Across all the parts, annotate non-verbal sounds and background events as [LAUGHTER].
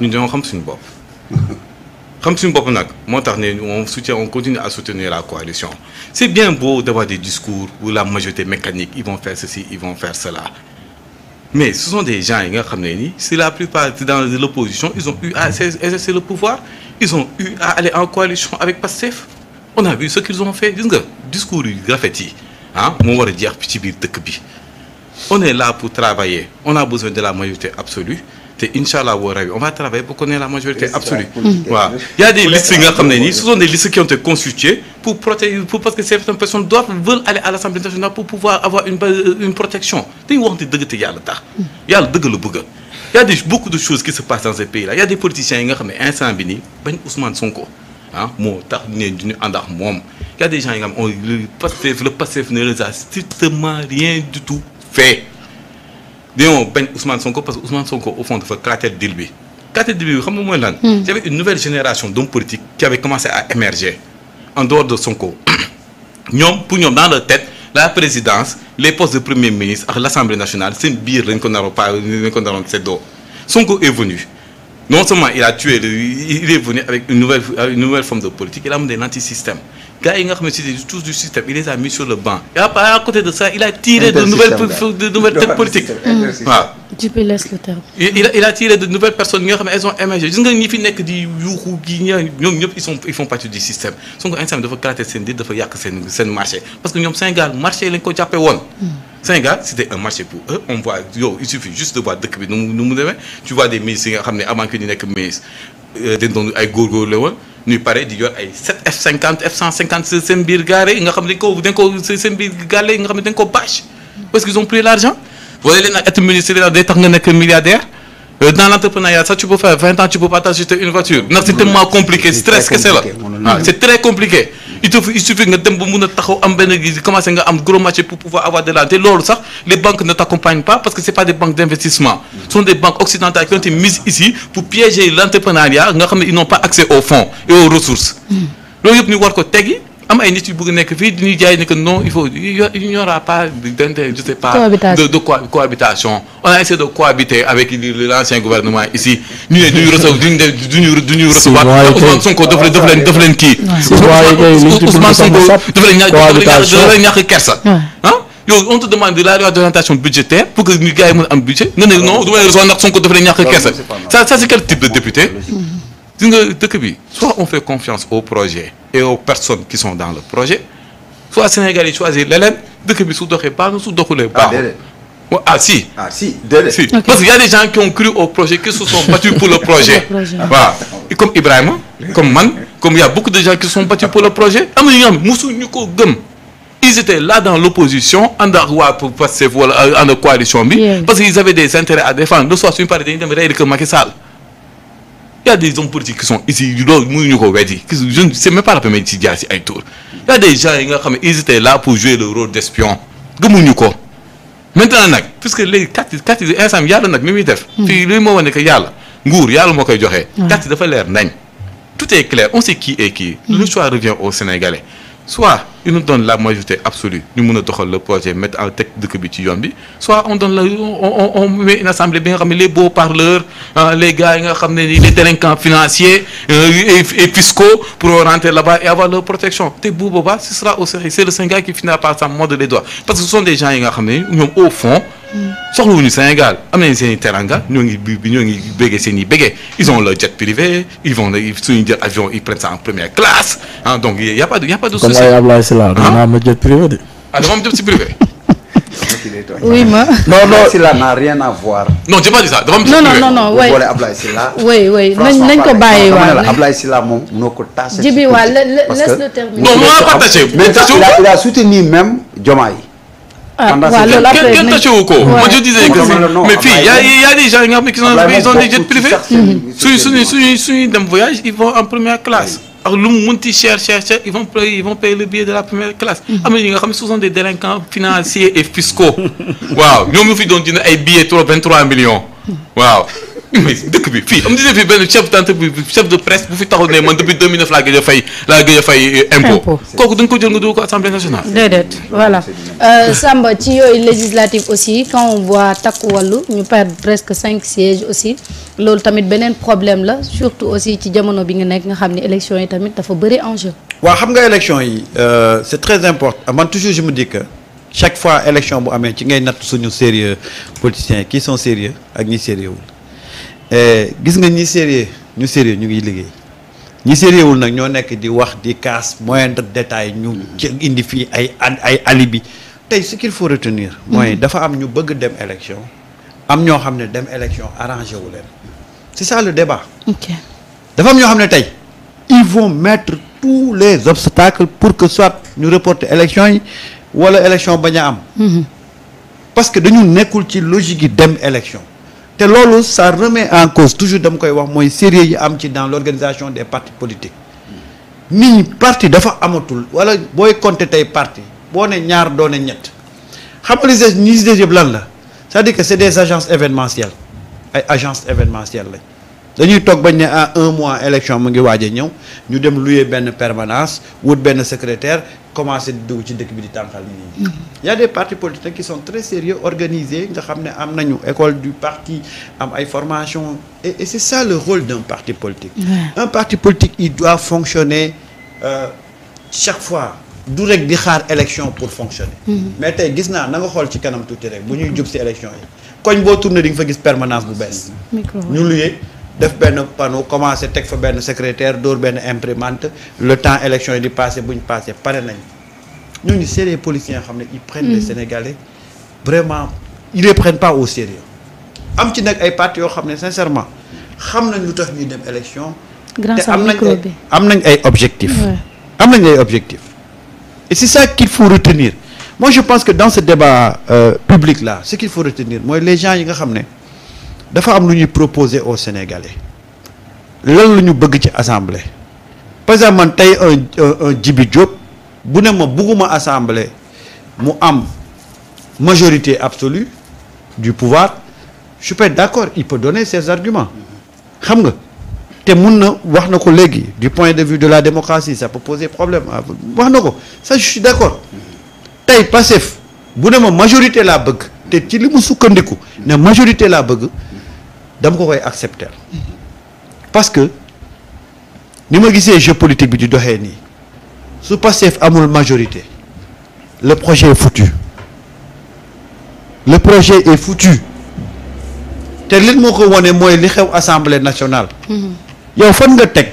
ñun dañoo xam suñu bopp xam suñu bopp nag moo tax ne on soutient on continue à soutenir la coalition c'est bien beau d'avoir des discours où la majorité mécanique ils vont faire ceci ils vont faire cela mais ce sont des gens yi nga xam ne ni la plupart dans l'opposition ils ont eu à exercer le pouvoir ils ont eu à aller en coalition avec Pastef on a vu ce qu'ils ont fait nga discours yu rafet yi ah moo war a jeex ci biir dëkk bi on est là pour travailler on a besoin de la majorité absolue te incha allah woo on va travailler pour qu'on la majorité absolue. waaw a des listes yi nga xam ne nii ce sont des listes qui ont été constituées pour protéger pour parce que certaines personnes doivent veulent aller à l'Assemblée nationale pour pouvoir avoir une protection dañu wax dëgg te yàlla tax. yàlla dëgg la bëgg. des beaucoup de choses qui se passent dans ce pays là y des politiciens yi nga xam ne instant bi nii bañ Ousmane Sonko ah moo tax ne du ñu dañoo bañ Ousmane Sonko parce que Ousmane Sonko au fond dafa claquer deal bi claquer deal bi xam nga mooy lan. Hmm. y avait une nouvelle génération d'hommes politiques qui avait commencé à émerger en dehors de Sonko [CLEARS THROAT] ñoom pour ñoom dans leur tête la présidence les postes de premier ministre ak l'Assemblée nationale seen biir lañ ko naroo pa lañ ko naroon seddoo Sonko est venu non seulement il a tué il est venu avec une nouvelle une nouvelle forme de politique il a amené l'antisystème gars yi nga xam ne tous du système il les a mis sur le banc. et à côté de ça il a tiré de nouvelles de nouvelles têtes politiques. waaw. Djiby laisse le terme. de nouvelles personnes yoo xam ne elles ont émergé gis nga ñi fi nekk di yuuxu gi ñoom ñëpp ils sont partie du système Sonko instant dafa éclater seen dit dafa yàq seen seen marché parce que ñoom Sénégal marché lañ ko jàppee woon. Hmm. Sénégal un marché pour eux on voit il suffit juste de voir dëkk bi nu mu nu ñuy pare di yor ay 7 F50 F150 seen biir gaare yi nga xam ne dañ koo dañ koo nga xam ne dañ koo parce qu'ils ont pris l'argent wala leen ak être ministre day tax nga nekk milliardaire euh, dans l'entrepreneuriat ça tu peux faire 20 ans tu peux pas t'acheter une voiture ndax c'est tellement compliqué stress que ah, c'est c'est très compliqué il suffit nga dem ba mun a am benn gi nga am gros marché pour pouvoir avoir de l'argent te loolu sax les banques ne t'accompagnent pas parce que c'est pas des banques d'investissement sont des banques occidentales qui ont été mises ici pour piéger l'entrepreneuriat nga xam ils n'ont pas accès aux fonds et aux ressources mm. loolu yëpp ñu war ko teggi am ay nit yu bëgg nekk fii dañuy jaay ni que non il faut il n'y aura pas d'inter je sais pas. cohabitation de de cohabitation. on a essayé de cohabiter avec l'ancien gouvernement ici ñu ne duñu recevoir duñu duñu duñu recevoir. Ousmane Sonko daf leen daf leen daf leen kii. Ousmane Sonko daf leen ñàkk daf leen ñàkk kersa. yow on te demande de la loi d'orientation budgétaire pour que ñu gars yi mën a am budget nga ne non du ma leen recevoir ndax Sonko daf leen ñàkk kersa ça ça c'est quel type de député. gis nga dëkk bi soit on fait confiance au projet. et aux personnes qui sont dans le projet soit Sénégal yi choisir leneen dëkk bi su doxee baax na su doxulee ah, baaxul ah si ah si déedéet si okay. parce que y a des gens qui ont cru au projet qui se sont battus pour le [LAUGHS] projet comme Ibrahima comme man comme y a beaucoup de gens qui se sont battus pour le projet am na ñu ils étaient là dans l'opposition ànd ak coalition bi parce qu'ils avaient des intérêts à défendre de soit suñu parti dañuy dem rey di y a des hommes politiques qui sont ici loolu mënuñu ko weddi je ne sais même pas la ay tour y a des gens yi nga xam ne ils étaient pour jouer le rôle d'espion gëmuñu ko maintenant nag puisque léegi nag mi muy def hmm. fii li moo wane nguur yàlla moo koy joxee carte dafa leer nañ tout est clair on sait qui est qui le hmm. choix revient aux Sénégalais il nous donne la majorité absolue ñu mën a doxal le projet mettre à teg dëkk bi ci bi soit on donne la on on met une assemblée bi nga xam ne les beaux parleurs les gars yi nga xam ne les délinquants financiers euh, et fiscaux pour rentrer là-bas et avoir leur protection te bu boobaa ce sera au c'est le Sénégal qui finira par s'en mordre les doigts parce que ce sont des gens yi nga xam ne au fond. soxlawuñu Sénégal am nañu seen i teranga ñoo ngi bi ñoo ngi béggee seen i béggee ils ont leur jet privé ils vont en première si laa doon naa ma jot privé de. ah dama am jot si privé. oui ma. non non Sylla n'a rien à voir. non j'ai pas dit ça dafa am. non non non oui boole Ablaye Sylla. oui oui nañ nañ ko bàyyi waaw la Ablaye Sylla moom munoo ko tâché. jibi waaw la la laisse le terminer. non munoo partagé mais tâché wu. il a soutenu même Diomaye. ah waaw loolu après kenn tâché wu ko. moi je disais que mais fii y a y a des gens yi nga xam ne ils ont des jets privés. suñu suñu suñu suñu dem voyage ils vont en première classe. ak lu mu munti cher cher cher ils vont le billet de la première classe. Mhm. am na nga xam ne ce sont des délinquants financiers et fiscaux. waaw ñoom ñu fi doon dina ay billets trop 23 millions. waaw mais dëkk bi fii am na fi benn chef d'entreprise chef de presse fi taxu ne man depuis 2009 laa gëj a fay laa gëj a fay euh, impôt. kooku da nga ko jël nga dugg ko assemblée nationale. voilà. Euh, Samba ci yooyu législative aussi quand on voit takku wàllu ñu perdre cinq sièges aussi. loolu tamit beneen problème la surtout aussi ci jamono bi nga nekk nga xam ne élection yi tamit dafa bëri enjeu. waa xam nga élection yi euh, c'est très important ah, man toujours je me dis chaque fois élection bu amee ci ngay natt suñu sérieux politiciens qui sont sérieux ak ñi sérieux wul gis nga ñi sérieux ñu sérieux ñu ngi liggéey ñi sérieux wul nag ñoo nekk di wax di casse moindre détail ñu indi fii ay ay alibi tey ce qu'il faut retenir mooy mm-hmm. dafa am ñu bëgg dem élection am ñoo xam ne dem élection arrangé wu leen c'est ça le débat. ok dafa am ñoo xam ne tey il vont mettre tous les obstacles pour que soit ñu reporter élection yi wala élection bañ a am. Mhm. parce que dañu nekkul ci logique yi dem élection. te loolu sa remet en cause toujours dama koy wax mooy sérieux yi am ci dans l'organisation des partis politiques nit ñi parti dafa amatul wala booy compter tey parti boo ne ñaar doone ñett xam nga li des yëpp lan la. c'est-à-dire que c'est des agences événementielles ay agences événementielles lañ dañuy toog bañ ne à ah, un mois élection mu ngi waaj a ñëw ñu dem louer benn permanence wut benn secrétaire commencé di dugg ci dëkk bi di tànqal nit ñi. Mm-hmm. y a des partis politiques qui sont très sérieux organisés nga xam ne am nañu école du parti am ay formation et et c'est ça le rôle d'un parti politique. Ouais. un parti politique il doit fonctionner euh, chaque fois. du rek di xaar élection pour fonctionner. Mhm. mais tey gis naa na nga xool ci kanam tuuti rek bu ñuy jub si élection yi koñ boo tourné di nga fa gis permanence bu bees. ñu luyee def benn panneau commencé teg fa benn secrétaire dóor benn imprimante le temps élection yi di passé bu ñu passé pare nañ ñu c'est des policiers xam ne ils prennent les mhm. Sénégalais vraiment ils les prennent pas au sérieux am ci nag ay parti yoo xam ne sincèrement xam nañ lu tax ñuy dem élection. te am nañ am nañ ay objectif am nañ ay objectifs. Et c'est ça qu'il faut retenir. Moi, je pense que dans ce débat euh, public-là, ce qu'il faut retenir, moi, les gens, lu ñuy proposé au Sénégalais. lan la ñu bëgg ci assemblée par exemple man tey un un Djibi Diop bu ne ma bugguma assemblée mu am majorité absolue du pouvoir je suis pas d'accord il peut donner ses arguments xam nga te mun na wax na ko léegi du point de vue de la démocratie ça peut poser problème ah, wax na ko ça je suis d'accord tey Pastef bu ne ma majorité laa bëgg te ci li mu sukkandiku ne majorité laa bëgg dama ko koy accepter parce que ni ma gisee jeu politique bi di doxee nii su Pastef amul majorité le projet est foutu le projet est foutu te li moo ko wone mooy li xew assemblée nationale. Mm-hmm. yow fan nga teg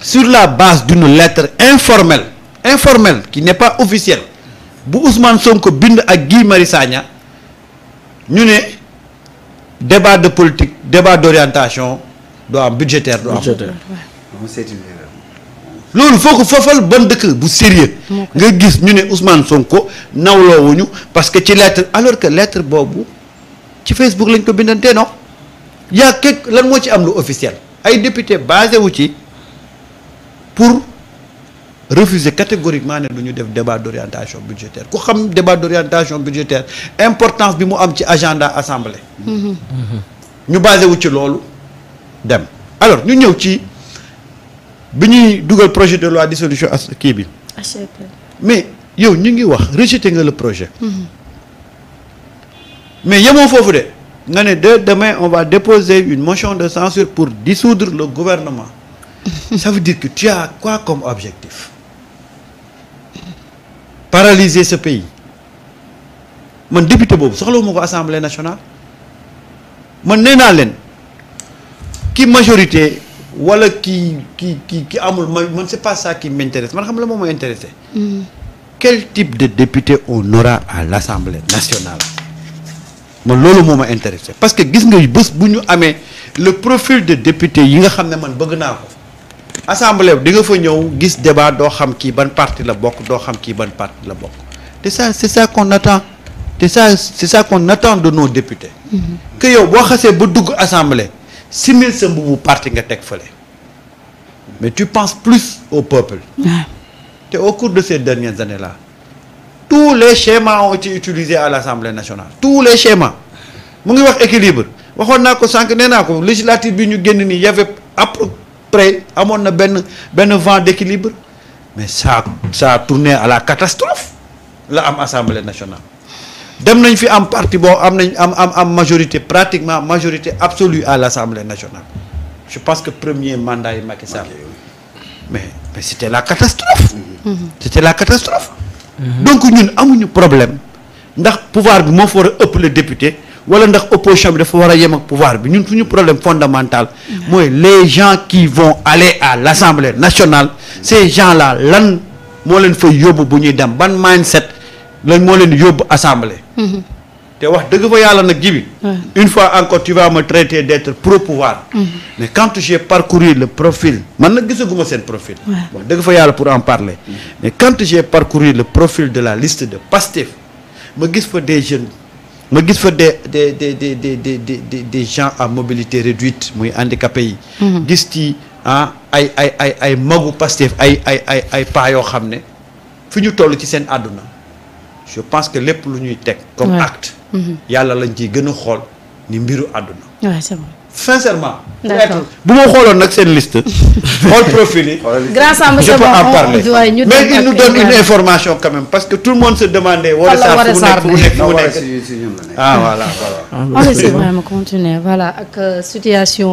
sur la base d'une lettre informelle informel ki ne pas officielle bu Ousmane Sonko bind ak Guy Marius Sagna ñu ne débat de politique débat d'orientation doo am budgétaire doo am loolu foo ko foofal ban dëkk bu sérieux nga gis ñu ne Ousmane Sonko nawloowuñu parce que ci lettre alors que lettre boobu ci Facebook lañ ko bindantee non yaa kekk lan moo ci am lu officiel ay député basé wu ci pour refuser catégoriquement ne du ñu def débat d'orientation budgétaire ku xam débat d'orientation budgétaire importance bi mu am ci agenda assemblée. Mm-hmm. ñu basé ci loolu dem alors ñu ñëw ci bi ñuy dugal projet de loi dissolution as kii bi. mais yow ñu ngi wax rejeté nga le projet. Mm-hmm. mais yemoo foofu de. nga ne de demain on va déposer une motion de censure pour dissoudre le gouvernement [LAUGHS] ça veut dire que tu as quoi comme objectif paralyser ce pays man député boobu soxlawuma ko assemblée nationale man nee naa leen ki majorité wala ki ki ki ki amul ma man c'est pas ça qui m'intéresse man xam la moom ma intéressé mm. quel type de député on aura à l'assemblée nationale man loolu moom ma intéressé parce que gis nga bés bu ñu amee le profil de député yi nga xam ne man bëgg naa ko assemblée di nga fa ñëw gis débat doo xam kii ban parti la bokk doo xam kii ban parti la bokk te ça c'est ça qu'on te sa c'est ça qu'on attend de nos députés mm-hmm. que yow boo xasee ba dugg assemblée simil sa mbubu parti nga teg fële mais tu penses plus au peuple te au cours de ces dernières années tous les schémas ont été utilisés à l'Assemblée nationale tous les schémas mu ngi wax équilibre waxoon naa ko sànq nee naa ko législative bi ñu génn nii y avait à amoon na benn benn vent d'équilibre mais ça sa a tourné à la catastrophe la am Assemblée nationale dem nañ fi am parti bon am nañ am am am majorité pratiquement majorité absolue à l'Assemblée nationale je pense que premier mandat yi Macky Sall mais mais c'était la catastrophe mm-hmm. c'était la catastrophe Mhm. donc ñun amuñu problème ndax pouvoir bi moo fa war a ëpp le député wala ndax opposition bi dafa war a yem ak pouvoir bi ñun suñu problème fondamental mhm. mooy les gens qui von aller à l'Assemblée nationale ces gens la lan moo leen fa yóbbu bu ñuy dem ban set lan moo leen yóbbu assemblée. Mhm. te wax dëgg fa yàlla nag jibi une fois encore tu ma traité traiter d'être pro-pouvoir mm -hmm. mais quand j'ai parcouru le profil man nag gisaguma seen profil wax dëgg fa yàlla pour en parler mm -hmm. mais quand j'ai parcouru le profil de la liste de Pastef ma gis fa des jeunes ma gis fa des des des des des des des gens à mobilité réduite muy handicapés yi mm-hmm. gis ci ah ay ay ay ay magu Pastef ay ay ay ay paa yoo xam ne fi ñu toll ci seen àdduna je pense que lépp lu ñuy teg. comme acte. yàlla lañ ciy gën a xool ni mbiru àdduna. waaw c'est vrai. sincèrement. d'accord bu ma xooloon nag seen liste. [LAUGHS] xool profil yi. grâce à monsieur je peux en parler mais il nous donne une information quand même parce que tout le monde se demandait. wala saar fu mu nekk fu mu nekk fu mu nekk ah voilà voilà. Ah, [LAUGHS] on essaie vraiment continuer voilà ak euh, situation.